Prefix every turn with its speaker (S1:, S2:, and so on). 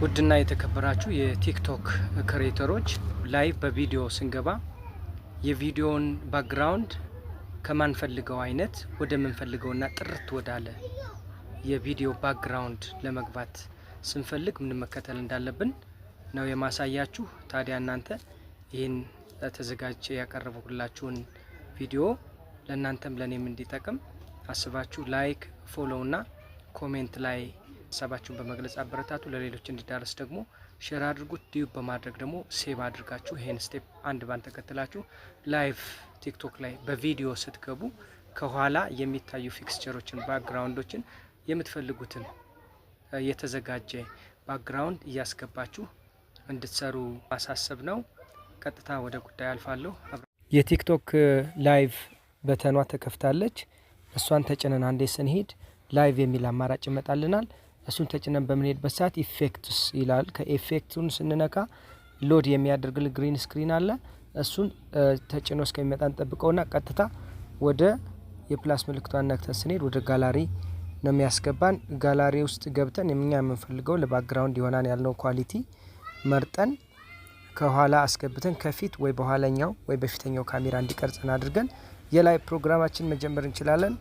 S1: ውድና የተከበራችሁ የቲክቶክ ክሬተሮች ላይቭ በቪዲዮ ስንገባ የቪዲዮውን ባክግራውንድ ከማንፈልገው አይነት ወደ ምንፈልገውና ጥርት ወዳለ የቪዲዮ ባክግራውንድ ለመግባት ስንፈልግ ምን መከተል እንዳለብን ነው የማሳያችሁ። ታዲያ እናንተ ይህን ተዘጋጀ ያቀረብኩላችሁን ቪዲዮ ለእናንተም ለእኔም እንዲጠቅም አስባችሁ ላይክ፣ ፎሎውና እና ኮሜንት ላይ ሀሳባችሁን በመግለጽ አበረታቱ። ለሌሎች እንዲዳረስ ደግሞ ሼር አድርጉት። ዲዩብ በማድረግ ደግሞ ሴቭ አድርጋችሁ ይሄን ስቴፕ አንድ ባንድ ተከትላችሁ ላይቭ ቲክቶክ ላይ በቪዲዮ ስትገቡ ከኋላ የሚታዩ ፊክስቸሮችን ባክግራውንዶችን የምትፈልጉትን የተዘጋጀ ባክግራውንድ እያስገባችሁ እንድትሰሩ ማሳሰብ ነው። ቀጥታ ወደ ጉዳይ አልፋለሁ።
S2: የቲክቶክ ላይቭ በተኗ ተከፍታለች። እሷን ተጭነን አንዴ ስንሄድ ላይቭ የሚል አማራጭ ይመጣልናል። እሱን ተጭነን በምንሄድበት ሰዓት ኢፌክትስ ይላል። ከኢፌክቱን ስንነካ ሎድ የሚያደርግል ግሪን ስክሪን አለ። እሱን ተጭኖ እስከሚመጣ እንጠብቀውና ቀጥታ ወደ የፕላስ ምልክቷን ነክተን ስንሄድ ወደ ጋላሪ ነው የሚያስገባን። ጋላሪ ውስጥ ገብተን የምኛ የምንፈልገው ለባክግራውንድ የሆናን ያልነው ኳሊቲ መርጠን ከኋላ አስገብተን ከፊት ወይ በኋለኛው ወይ በፊተኛው ካሜራ እንዲቀርጽን አድርገን የላይ ፕሮግራማችን መጀመር እንችላለን።